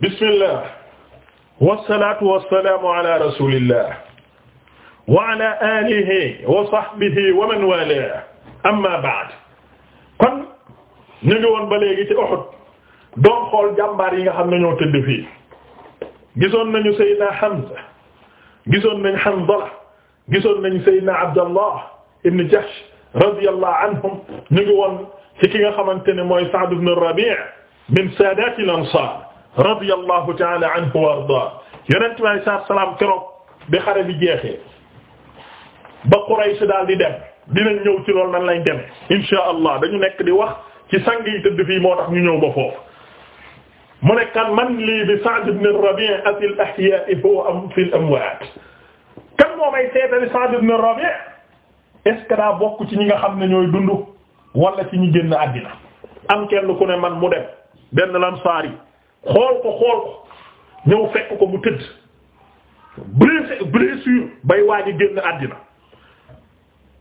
bismillah wasalaatu wasalaamu ala rasulillah wa ala alihi wa sahbihi wa man wala amma ba'd kon ñu ngi woon ba léegi ci Uhud doon xool jàmbaar yi nga xam ne ñoo tëdd fii gisoon nañu Seydina Hamza gisoon nañ Hanzala gisoon nañ Seydina Abdallah ibn Jahsh radiyallahu anhum ñu ngi woon ci ki nga xamante ne mooy Sa'd ibn Rabi' min saadaati al-ansaar radiyallahu ta'ala anhu wa ardaa yonent bi alayhi salaatu wa salaam keroog bi xare bi jeexee ba Quraysh daal di dem dinañ ñëw ci loolu nan lañ demee insha allah dañu nekk di wax ci sang yi tëdd fii moo tax ñu ñëw ba foofu mu ne kan man lii bi Sa'd ibn Rabi' afi al-ahyaa' huwa am fi al-amwaat kan moo may seetali Sa'd ibn Rabi' est-ce que daa bokk ci ñi nga xam ne ñooy dund wala ci ñi génn àddina am kenn ku ne man mu dem benn lamsaar yi xool ko xool ko ñëw fekk ko mu tëdd blessé blessure bay waa ji génn àddina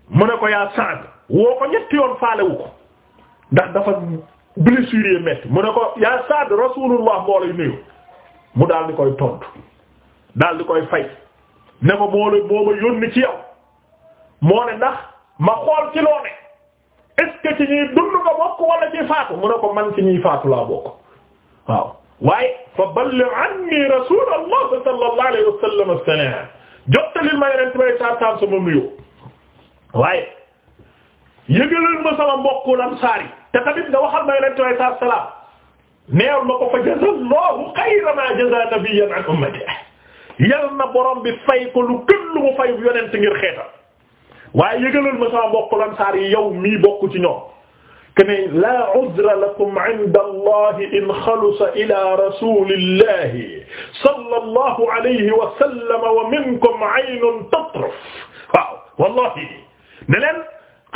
mu ne ko yaa Saad woo ko ñetti yoon faalewu ko ndax dafa blessure yi metti mu ne ko yaa Saad Rasulullah moo lay nuyu mu daal di koy tontu daal di koy fay ne ko moo la moo ma yónni ci yow moo ne ndax ma xool ci loo ne ci ñuy dund nga bokk wala ci faatu mu ne ko man ci ñuy faatu laa bokk waaw waaye fa balli anni rasulallah sallallahu alayhi wa sallam salam jottalil ma yonent may saataam sama nuyoo waaye yëgalal ma sama mbokku lamsaar yi te tamit nga waxal ma ma ko fa jazallahu xayra ma jaza nabiyyan an ummatihi yal na borom bi fay ko lu gën lu mu fay yonent ngir xeetam waaye yëgalal ma sama mbokku lamsaar yi yow mii bokk ci ñoom kene la uzra lakum inda allahi in xalusa ila rasulillahi sallallahu alayhi wa sallam wa minkum aynun tatruf waaw wallahi ne leen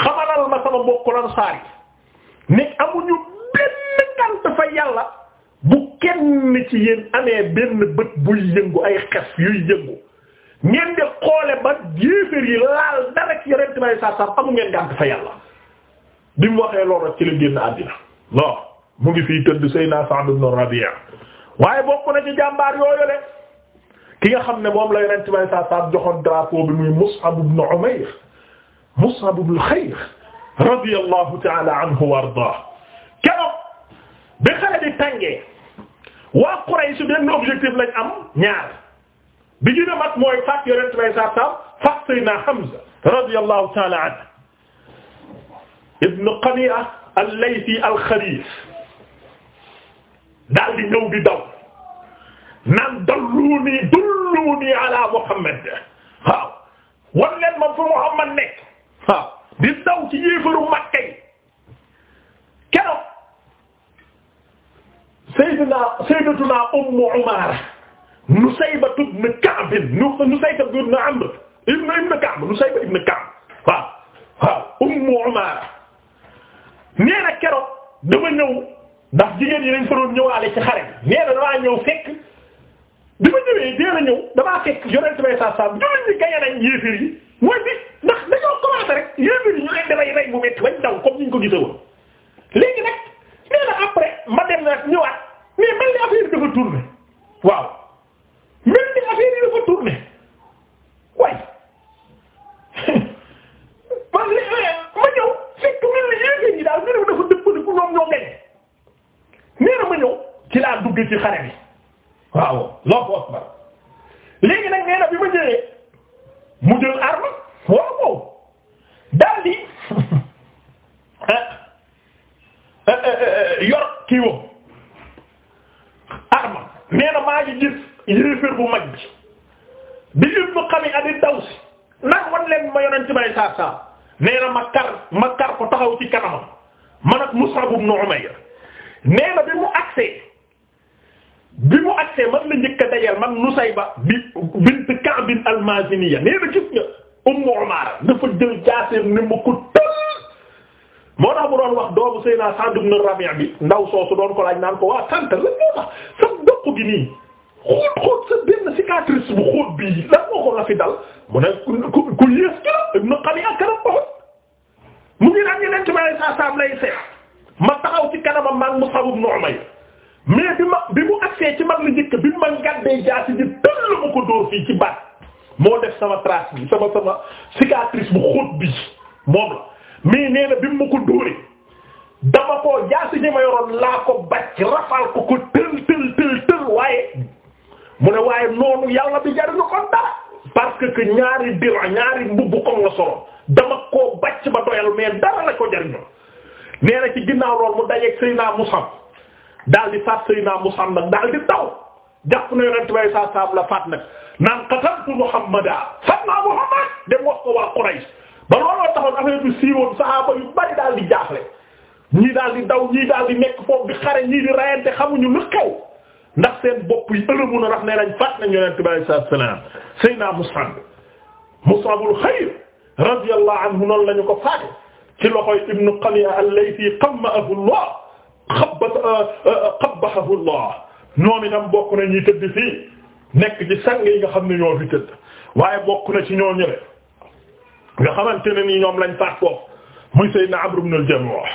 xamalal ma sama mbokk Ansaar yi ne amuñu benn ngant fa yàlla bu kenn ci yéen amee benn bët buy yëngu ay xef yuy yëngu ngeen di xoole ba yéeféer yi laal dara ci yonent bi sallallahu alayhi wa sallam amu ngeen ngant fa yàlla bi mu waxee loolu rek ci la génn àddina mu ngi fii tëdd Seydina Sa'd ibn Rabi'a waaye bokk na ci jàmbaar yooyu le ki nga xam ne moom la Yonent bi saa saa joxoon drapeau bi muy Mus'ab ibn Umayr Mus'ab ibn ta'ala anhu wa ardaah bi xare di tàngee am ñaar bi ñu ne mag mooy faat Yonent bi saa saa faat Seydina Hamza ta'ala anhu ibn Qami'a al-Laythi al-Kharis daal di ñëw di daw naan dalluni dulluni ala Muhammad waaw wan leen ma fu Muhammad nekk waaw di daw ci yéefaru Makka yi keroog Sayyidina Sayyidatuna Ummu Umara Nusayba ibn Ka'b Nusayba ibn Amr ibn ibn Ka'b Nusayba ibn Ka'b waaw waaw Ummu Umara nee na keroo dama ñëw ndax jigéen yi dañ fa doon ñëwaale ci xare nee na damaa ñëw fekk bi ma ñëwee dee na ñëw damaa fekk yonent bay saa saa jullit ñi gañe nañ yéefir yi mooy bi ndax dañoo commencé rek yéefir yi ñu leen rey bu metti bañ daw comme ni ñu ko gisoon léegi nag nee na après ma dem nag ñëwaat mais mel ni affaire dafa tourné waaw mel ni affaire yi dafa tourné waaye ci laa dugg ci xare bi waaw loo ko akbar léegi nee na bi ma jëlee mu jël arme waaw waaw daal di ah, ah, ah, nee na maa ngi gis yéeféer bu mag bi bi Ibnu Qami'a di daw si wan leen ma yonent bay saa saa nee na ma kar ko taxaw ci kanamam man ak Mus'ab ibn Umayr nee na bi mu agsee bi mu agsee ma la njëkk a dajeel man Nusayba bi bint Ka'b al-Maziniya nee na gis nga Ummu Umaara dafa jël mu ko tël moo tax mu doon wax doomu Seydina Sa'd ibn bi ndaw soosu doon ko laaj naan ko waa sant la moo tax sa doq gi nii xóot fi dal mu ne ku ku yées ki la ibn Qali'a kanam mu ngi naan ñu nekk ci bàyyi saa saam lay seet ma taxaw ci kanamam man Mus'ab ibn mais bi ma bi mu agsee ci mag la njëkk bi ma gàddee jaasi ji tëll ma ko dóor fii ci baat moo def sama trace bi sama sama cicatrice bu xóot bi moom la mais nee na bi mu ma ko dóoree dama koo jaasi ma yoroon laa ko bàcc rafal ko ko tël tël tël tël waaye mu ne waaye noonu yàlla bi jariñu ko dara parce que ñaari dira ñaari mbubb koŋ la solo dama koo bàcc ba doyal mais dara la ko jariñu nee ci ginnaaw loolu mu dajeeg Seydina Musab daal di faat Seydina Mus'ab nag daal di daw jàpp na yonent bay saa saam la faat nag naan qataltu Muhammada faat naa Muhammad dem wax ko waa Quraysh ba looloo taxoon affaire yu bari daal di jaaxle ñii daal di daw ñii daal di nekk foofu di xare ñii di rayante xamuñu lu xew ndax seen bopp yi ëllëgu na ndax nee nañ faat nañ yonent bi alayhi salaatu wa salaam Seydina Mus'ab Mus'abul Xayr radiyallahu anhu ko faate ci loxoy Ibnu Qami'a al-Laythi qamma'ahu Allah xabba euh, euh, xabbahahu Allah ñoom itam bokk na ñuy tëdd fii nekk ci sang yi nga xam ne ñoo fi tëdd waaye bokk na ci ñoo ñële nga xamante ne nii ñoom lañ faat foofu muy Seydina Amr ibn al-Jamuh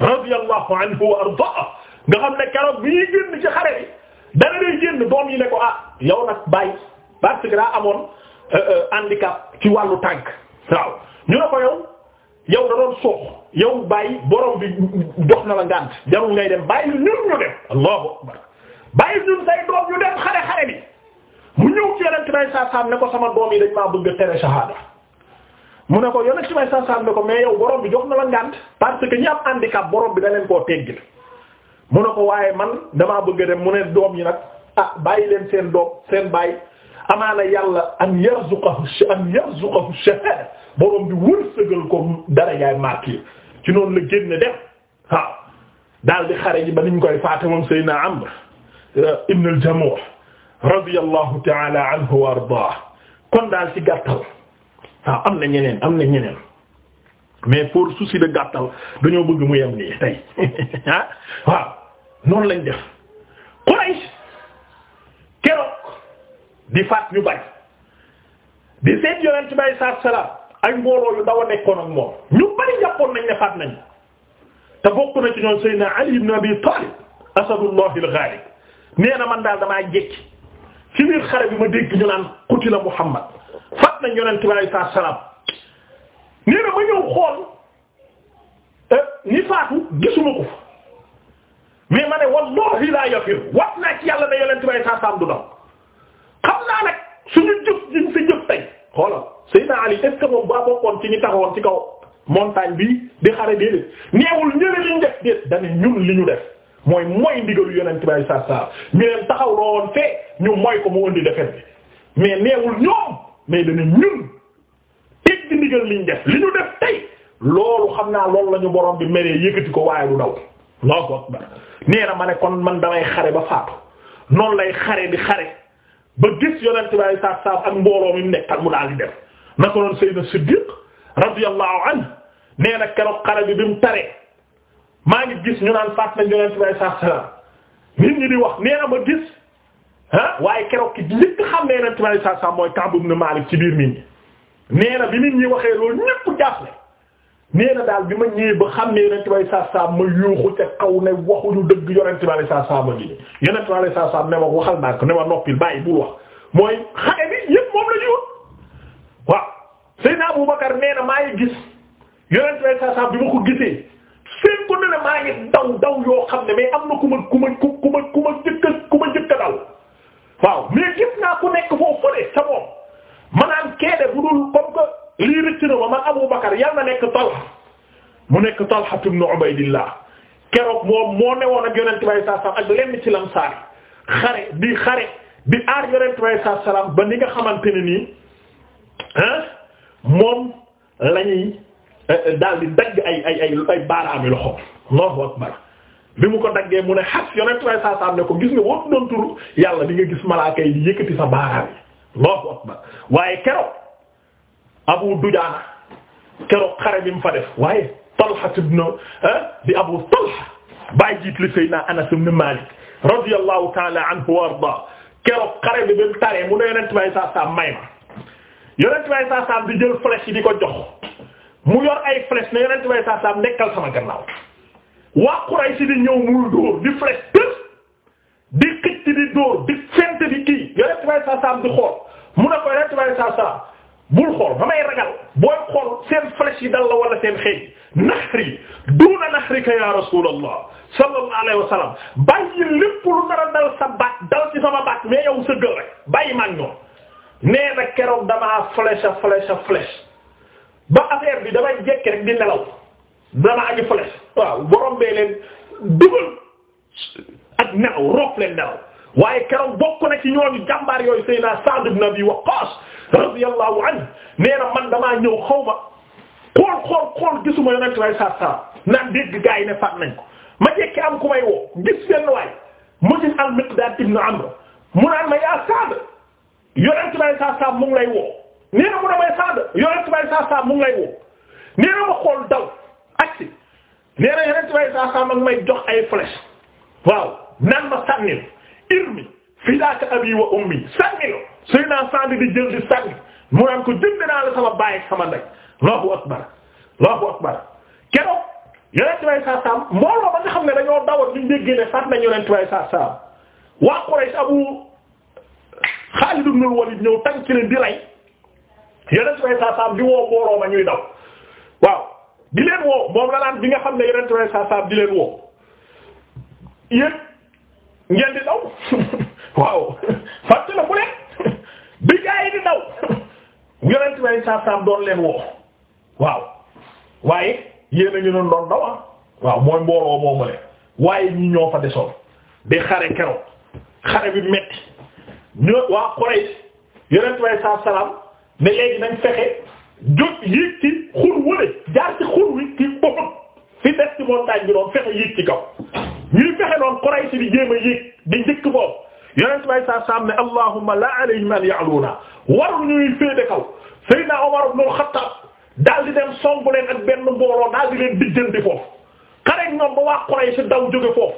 radiyallahu anhu wa ardaa nga xam ne keroog bi ñuy génn ci xare bi dana day génn doom yi ne ko ah yow nag bàyyi parce que daa amoon euh, handicap ci wàllu tànk waaw ñu ne ko yow yow da doon soox yow bàyyi borom bi jox na la ngànt jarul ngay dem bàyyi ñun ñu dem allahu akbar bàyyi ñun say doom ñu dem xare xare bi mu ñëw ci yonent may saasaam ne ko sama doom yi dañ maa bëgg tere shahada mu ne ko yonent may saasaam ne ko mais yow borom bi jox na la ngànt parce que ñi am handicap bi da leen koo teggil mu ne ko waaye man damaa bëgg dem mu ne doom yi nag ah bàyyi leen seen doom seen bàyyi amaana yàlla an yarzuqahu an yarzuqahu shahada borom bi wërsëgal ko dara yaay martyr ci noonu la génn def waaw daal di xare ji ba koy faate moom Seydina Amr eh, ibn al-Jamuh radiyallahu ta'ala anhu wa ardaah am na ñeneen am na ñeneen mais pour souci de gàttal dañoo mu yem nii tey ah waaw noonu di faat ñu bari di seet yonent bay saat salaam ay mbooloo yu daw a nekkoon ak moom ñu bari jàppoon nañ ne faat nañ te bokk na ci ñoom Seydina Ali ibn Abi Talib asadullah al-ghalib nee na man daal damaa jekki ci biir xare bi ma dégg ñu naan qutila Muhammad faat nañ yonent bi alayhi salaatu salaam nee na ma ñëw xool ñi faatu gisuma ko fa wallahi laa yafir wat naa ci yàlla ne yonent bi alayhi salaatu du daw xam naa nag suñu jëf diñ fi jëf tey xoola Seydina Ali est-ce que moom baa bokkoon ci ñu taxawoon ci kaw montagne bi di xare déedéet neewul ñële liñ def déet li ñu def mooy mooy ndigalu yonent bay sa sa ñu leen taxaw rowoon fee ñu mooy ko mu indi defet bi mais neewul ñoom mais dañu ñun teg di ndigal liñ def li ñu def tey loolu xam naa loolu la ñu borom bi meree yëkkati ko waaye du daw Allahu akbar nee na ma ne kon man damay xare ba faatu noonu lay xare bi xare ba gis yonent bi ay saab saab ak mbooloo mi nekkal mu daal di def naka noonu Seydina Siddiq radiyallahu anhu nee na keroog xare bi bi mu maa ngi gis ñu naan faat nañ yonent bi ay saab saab nit ñi di wax nee ba ma gis ah waaye keroog ki njëkk xam ne yonent ay saab saab mooy Ka'b ibn Malik ci biir nit ñi nee na bi ni ñi waxee loolu ñépp jaaxle nee na daal bi ma ñëwee ba xam ne yonent bay saasaam ma yuuxu ca kaw ne waxuñu dëgg yonent bale saasaam ma ngi yonent bale saasaam ne ma waxal naa ko ne ma noppil bàyyi bul wax mooy xale bi yëpp moom la ñu seen ko ne maa ngi daw daw yoo xam ne mais am na ku ma ku ma ku ma ku ma jëkka ku ma jëkka daw waaw mais gis naa ku nekk foofu fële sa moom ma naan keede bu dul comme que. lii rëcc na ma man Abu Bakar yal na nekk Talha mu nekk Talha ibn Ubaydillah keroog moom moo newoon ak yonent bi saa salaam ak lenn ci lamsaar xare di xare di aar yonent bi saa salaam ba ni nga xamante ne nii ah moom la ñuy eh, daal di dagg ay ay ay baaraami loxo Allahu akbar bi mu ko daggee mu ne xas yonent bi saa salaam ne ko gis nga wootu doon yàlla li nga gis malaaka yi di yëkkati sa baaraam yi Allahu akbar waaye keroog. Abu Dujaana keroog xare bi mu fa def waaye Talha ah, Abu Talha bàyyi jiit li Seydina Anas ibn Malik radiyallahu ta'ala anhu wa arda keroog xare bi mu taree mu ne Yonent bi saa saa may ma Yonent bi saa di jël flèche di ko jox mu yor ay flèche ne Yonent bi saa saa nekkal sama gannaaw waa Quraysh di ñëw muy dóor di flèche di xëcc di dóor di fent di kii Yonent bi saa saa di xool mu ne ko Yonent bi saa saa. bul xool damay ragal booy xool seen flèche yi dal la wala seen xeej naxri duuna naxrika ya rasulallah sallallahu alayhi wa sallam bàyyi lépp lu nar a dal sa baat sama baat mais yow sa gël rek bàyyi maag nee na keroog damaa flèche a ba affaire bi damay jekki rek di nelaw damaa aji flèche waaw borom bee leen dugal ak nelaw roof leen waaye keroog bokk na ci ñooñu jàmbaar yooyu Seydina Sa'd ibn Abi Waqqas radiyallahu anhu nee na man damaa ñëw xaw ma xool xool xool gisuma yonent lay saa saa naan dégg gaa ne faat nañ ko ma jekki am ku may woo gis benn waay mu al-Miqdaad ibn Amr mu naan ma yaa Sa'd yonent lay saa saa mu ngi na may Sa'd yonent lay saa saa mu ngi lay woo nee ma xool daw aksi nee na yonent lay saa may jox ay flèche waaw naan ma sànnil irmi fidaaka abi wa ummi sànni suy naa sànni di jël di sànni mu naan ko jënd naa la sama baay sama ndey allahu akbar allahu akbar keroog yonent bay saam mbooloo ba nga xam ne dañoo dawal ñu déggee ne faat nañ yonent bay saa saam waa Quraysh Abu Xaalid ibn Walid ñëw tànk leen di rey yonent bay saa saam di woo mbooloo ma ñuy daw waaw di leen woo moom la naan bi nga xam ne yonent bay saa saam di leen woo ngeen di daw waaw fàtte la bu leen bi gaa yi di daw yonent way saasam doon leen woo waaw waaye yéen a ñu doon doon ah. waaw mooy mbooloo moomu leen waaye ñi ñoo fa desoon di xare kero xare bi metti ñu waa Quraysh yonent way saasam ne léegi nañ fexe jot yéeg ci xur wële jaar ci xur wi ci boppam fi des ci montagne bi doon fexe yéeg ci kaw ñuy fexe noonu Quraysh di jéem a yéeg di njëkk boobu yonent bay saa saam ne allahumma la alayhim an ya'luna waru ñuy féete kaw Seydina Omar ibn al-Khattab daal di dem songu leen ak benn mbooloo daal di leen dijjandi foofu xare ak ñoom ba waa Quraysh daw jóge foofu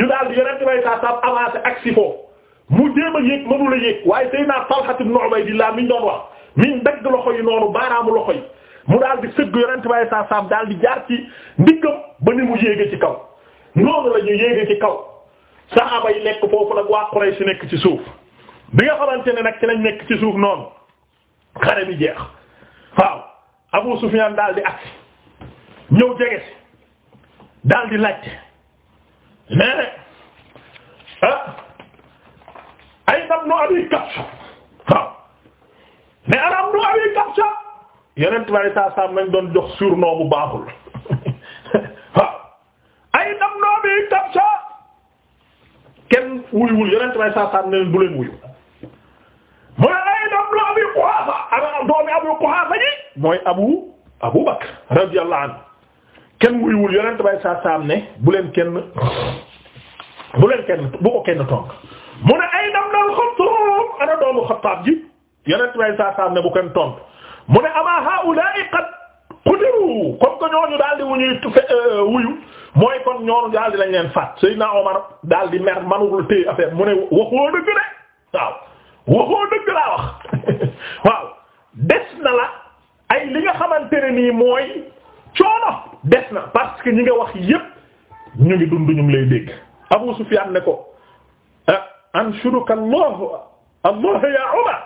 ñu daal di yonent bay saa saam avancé agsi foofu mu jéem a yéeg mënu la yéeg waaye Seydina Talha ibn Ubaydillah mi ñu doon wax mi dagg loxo yi noonu baaraamu loxo yi mu daal di sëgg yonent bay saa saam daal di jaar ci ndiggam ba ni mu yéege ci kaw noonu la ñu yéege ci kaw saxaaba yi lekk foofu nag waa si nekk ci suuf bi nga xamante ne nag ci lañ nekk ci suuf noonu xare bi jeex waaw Abu Sufyan daal di agsi ñëw jege si daal di laajte mais ah, ay ndam nu Abi Kabsha waaw mais anam nu Abi Kabsha yeneen tubaab yi saa saa lañ doon jox surnom bu baaxul. bi tabsha kenn wuyuwul yonent bay saa saa ne bu leen wuyu mu ne ay doom la Abu Quhafa ana doomi Abu Quhafa ji mooy Abu Abu Bakr radiyallahu anhu kenn wuyuwul yonent bay saa saa ne bu leen kenn bu leen kenn bu ko kenn tonk mu ne ay doom la Xattaab ana doomu Xattaab ji yonent bay saa saa ne bu kenn tonk mu ne ama haa'ulaa'i qad qutilu comme que ñooñu daal di wuñuy euh, wuyu mooy kon ñooñu daal di leen faat Seydina Omar daal di mer manul téye affaire mu ne waxoo dëgg de waaw waxoo dëgg laa wax waaw des na la ay li nga xamante ne nii mooy coono des na parce que ñi nga wax yépp ñu ngi dund ñu ngi lay dégg Abu Sufyan ne ko ah Allah Allah ya Umar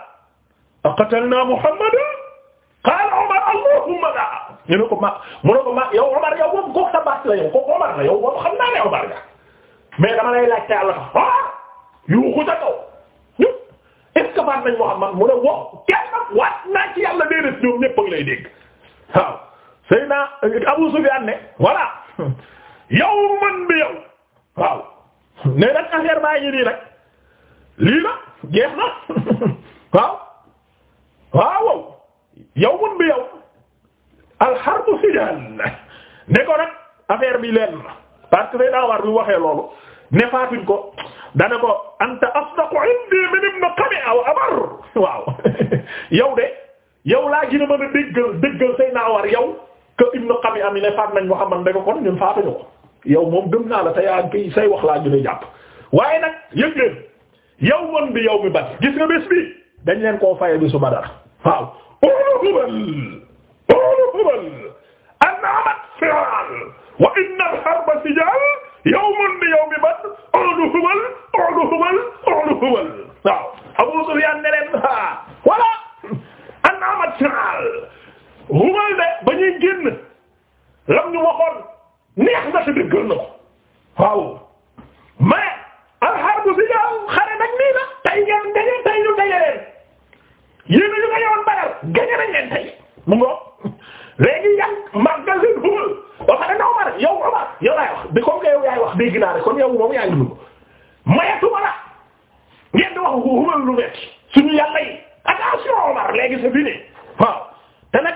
aqatalna Muhammadan umma gaa ñu ne ko ma mu ne ko ma yow Omar yow moom gox sa baax la yow ko Omar la yow moom xam naa ne Omar la mais dama lay laajte yàlla ko ah yu ko ca kaw ñun est-ce que baat nañ Muhammad mu ne wax kenn nag waat naa ci yàlla déedéet ñoom ñëpp a ngi lay dégg waaw. Seyna euh, Abu Sufyan ne voilà yow man bi yow waaw nee nag affaire baa ngi nii nag lii la jeex na waaw waaw yow man bi yow. rijal ne ko nag affaire bi leen parce que day daa war bi waxee loolu ne faatuñ ko dana ko anta asdaqu indi min ibn qami'a wa abar waaw yow de yow laa gën a mën déggal déggal say naa war yow que ibn qami'a mi ne faat nañ Muhammad ne ko kon ñun faatuñu ko yow moom gëm naa la te ak ngi say wax laa gën jàpp waaye nag yëg leen yow mën bi yow mi bat gis nga bés bi dañ leen koo faye bi su Badar waaw ulu hubal ulu hubal an'amat siral wa inna al-harba sijal yawmun bi yawmi badr u'du hubal u'du hubal u'du hubal waaw Abu Sufyan ne leen wala an'amat siral hubal de ba ñuy génn lam ñu waxoon neex na te dëggal na ko waaw mais al-harbu sijal xare nag nii la tay ngeen daje tay ñu daje leen yéen ñu ko yowoon baral gañe nañ leen tay mu ngo léegi yan màggal leen dugal ba pare na Omar yow Omar yow laay wax bi comme que yow yaay wax dégg naa rek kon yow moom yaa ngi dund mayatuma la ngeen di wax wumal lu suñu yàlla yi attention Omar léegi c'est fini waaw te nag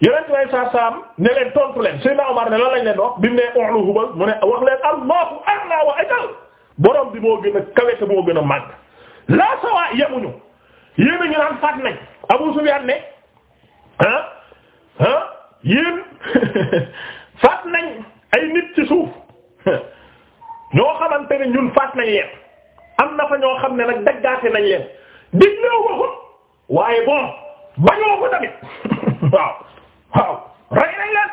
yeneen way sa saam ne leen tontu leen Seydina Omar ne lan lañ leen wax bi mu ne onlu hubal mu ne wax leen allahu a'la wa ajal borom bi moo gën a kawe te moo gën a màgg la sawa yemuñu yéena ñu naan faat nañ Abu Sufyan ne ah yéen faat nañ ay nit ci suuf ñoo xamante ne ñun faat nañ leen am na fa ñoo xam ne nag daggaate nañ leen diglew waxut waaye bon bañoo ko tamit waaw waaw rey nañ leen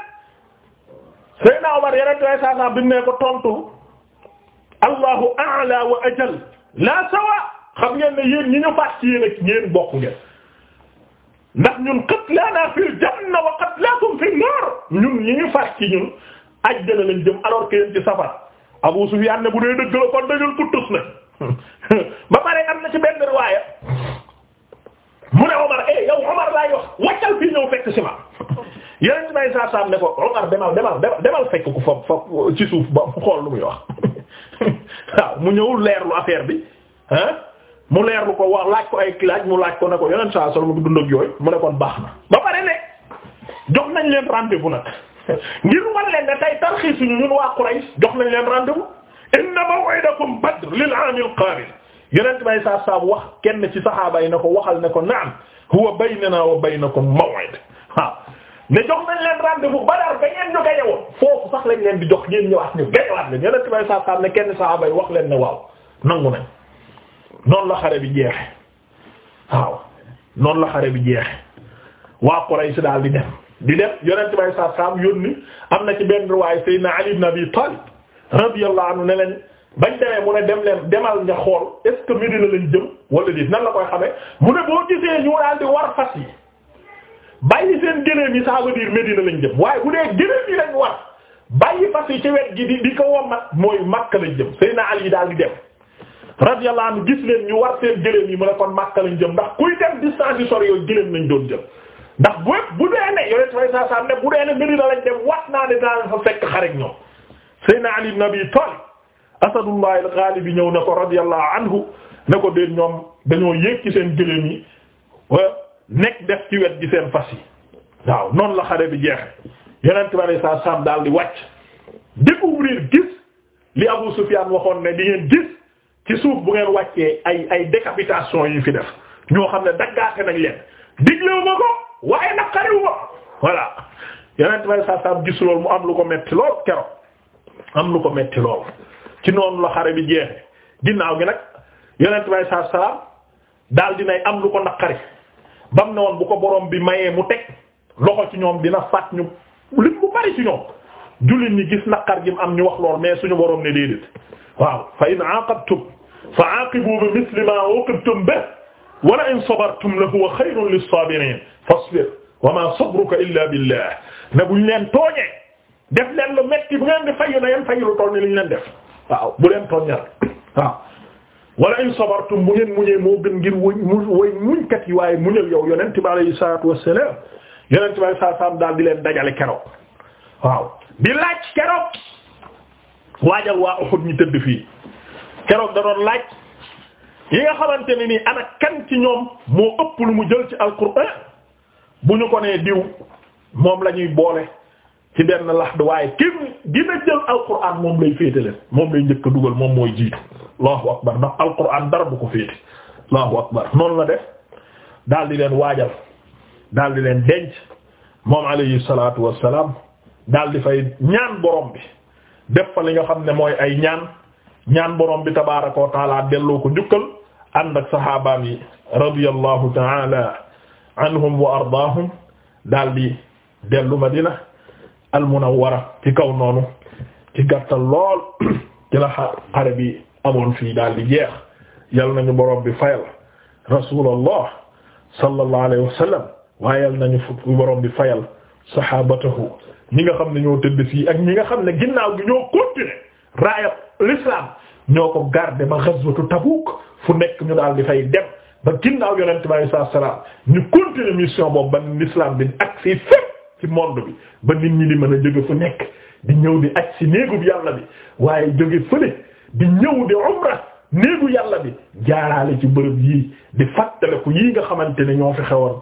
Seydina Omar yenente way saa sam bi mu ne ko tontu allahu a'la wa ajal la sawa xam ngeen ne yéen ñi ñu faat ci yéen ak ñeen bokk ngeen ndax ñun qatlaana fil janna wa qatlaakum fin naar ñun ñi ñu ci ñun ajjana lañ jëm alors que yéen ci safar Abu Sufyaan bu dee dëgg la kon dañul ku na ba pare am na ci benn riwaaya mu ne Omar eh yow Omar laay wax wàccal fii ñëw fekk si ma yeneen ci may saasaam ne ko Omar demal demal demal fekk ko fa fa ci suuf ba mu xool lu muy wax waaw mu ñëw leerlu affaire bi ah. mu leer lu ko wax laaj ko ay kilaaj mu laaj ko ne ko yeneen saa soxna dund ak yooyu mu ne kon baax na. ba pare ne jox nañ leen rendez bu nag ngir wan ne tey tarxiis yi ñun waa Quraysh jox nañ leen rendez-vous. inna maw'idakum Badr lil 'aam al-qaabil yeneen bay saa saa wax kenn ci saxaaba yi ne ko waxal ne ko na'am huwa baynanaa wa baynakum maw'id waaw ne jox nañ leen rendez-vous Badar ba ngeen ñu gayewoon foofu sax lañ leen di jox ngeen ñëwaat ñu gayewaat leen yeneen bay saa saa ne kenn saxaaba yi wax leen ne waaw nangu noonu la xare bi jeex waaw noonu la xare bi jeexe waa Quraysh daal di dem di dem yonent bay sa saam yónni am na ci benn riwaaya na Ali ibn Abi Talib radiyallahu anhu ne leen bañ demee mu ne dem leen demal nga xool est ce que Medina lañ jëm wala di nan la koy xamee mu ne boo gisee ñu daal di war fas yi bàyyi seen gëléem yi ça veut dire lañ jëm waaye bu dee gëléem yi lañ war bàyyi fas yi ci wet gi di di ko wommat mooy Makka lañ jëm Seydina Ali daal di dem radiyallahu anhu gis leen ñu war seen gëléem yi mu ne kon Makka lañ jëm ndax kuy dem distance yi sori yooyu gëléem nañ doon jëm ndax bu bu dee ne yore tubay saa saa ne bu dee ne Medina lañ dem wat naa ne dinaa fa fekk xarit ñoom. Seydina Ali ibn Abi Talib Asadullah al-Ghalib ñëw ne ko radiyallahu anhu ne ko déet ñoom dañoo yéeg ci seen gëléem yi nekk def ci wet gi seen fas yi waaw noonu la xare bi jeexee yeneen tubaab yi saa daal di wàcc découvrir gis li Abu Sufyan waxoon ci suuf bu ngeen wàccee ay ay décapitation yu fi def ñoo xam ne daggaate nañ leen diglewu ma ko waaye naqariwu ma voilà yeneen may saa saam gis loolu mu am lu ko metti lool keroog am lu ko metti lool ci noonu la xare bi jeexe ginnaaw gi nag yeneen may saa saam daal dinay am lu ko naqari bam ne woon bu ko borom bi mayee mu teg loxo ci ñoom dina faat ñu lim bu bari ci ñoom jullit ñi gis naqar gi mu am ñu wax lool mais suñu borom ne déedéet waaw fa in aqabtum fa aqibu bi misli ma uqibtum bihi wala in sabartum la huwa xayrun lis-saabiriin fasbir wa ma sabruka illa billah ne buñ leen tooñee def leen lu metti bu ngeen di fayu na yeen fayu lu toll ni liñ leen def waaw bu leen tooñ ñaar waaw wala in sabartum bu ngeen muñee moo gën ngir wëñ mu way muñkat yi waaye muñal yow yonent bi alayhi salaatu wassalaam yonent bi alayhi salaatu wassalaam daal di leen dajale keroog waaw di laaj keroog waajal waa Uhud ñu tëdd fii keroog da doon laaj yi nga xamante ne nii ana kan ci ñoom moo ëpp lu mu jël ci alquran bu ñu ko nee diw moom la boole ci benn lax du waaye kim gina jël alquran moom lay féete leen moom lay njëkk dugal moom mooy jiitu allahu akbar ndax alquran dara bu ko féete allahu akbar noonu la def daal di leen waajal daal di leen denc moom alayhi salaatu wassalaam daal di fay ñaan borom bi def xam ne mooy ay ñaan ñaan borom bi tabaaraka wa taala delloo ko njukkal ànd ak saxaabaam yi radiyallahu taala anhum wa ardaahum daal di dellu Madina al munawwara ci kaw noonu ci lool ci la xare bi amoon fii daal di jeex yal nañu borom bi fayal rasulallah sallallahu alayhi wa sallam waaye yal nañu borom bi fayal. sahabatahu ñi nga xam ne ñoo tëdd fii ak ñi nga xam ne ginnaaw gi ñoo continuer raaya l'islam ñoo ko garder ma ghazwatu Tabuk fu nekk ñu daal di fay dem ba ginnaaw yonent bi saa salaam ñu continuer mission boobu ba l'islam bi ak si fépp ci monde bi ba nit ñi di mën a jóge fu nekk di ñëw di aj si néegub yàlla bi waaye jóge fële di ñëw di umra néegu yàlla bi jaaraale ci bërëb yii di fàttaliku yii nga xamante ne ñoo fi xewoon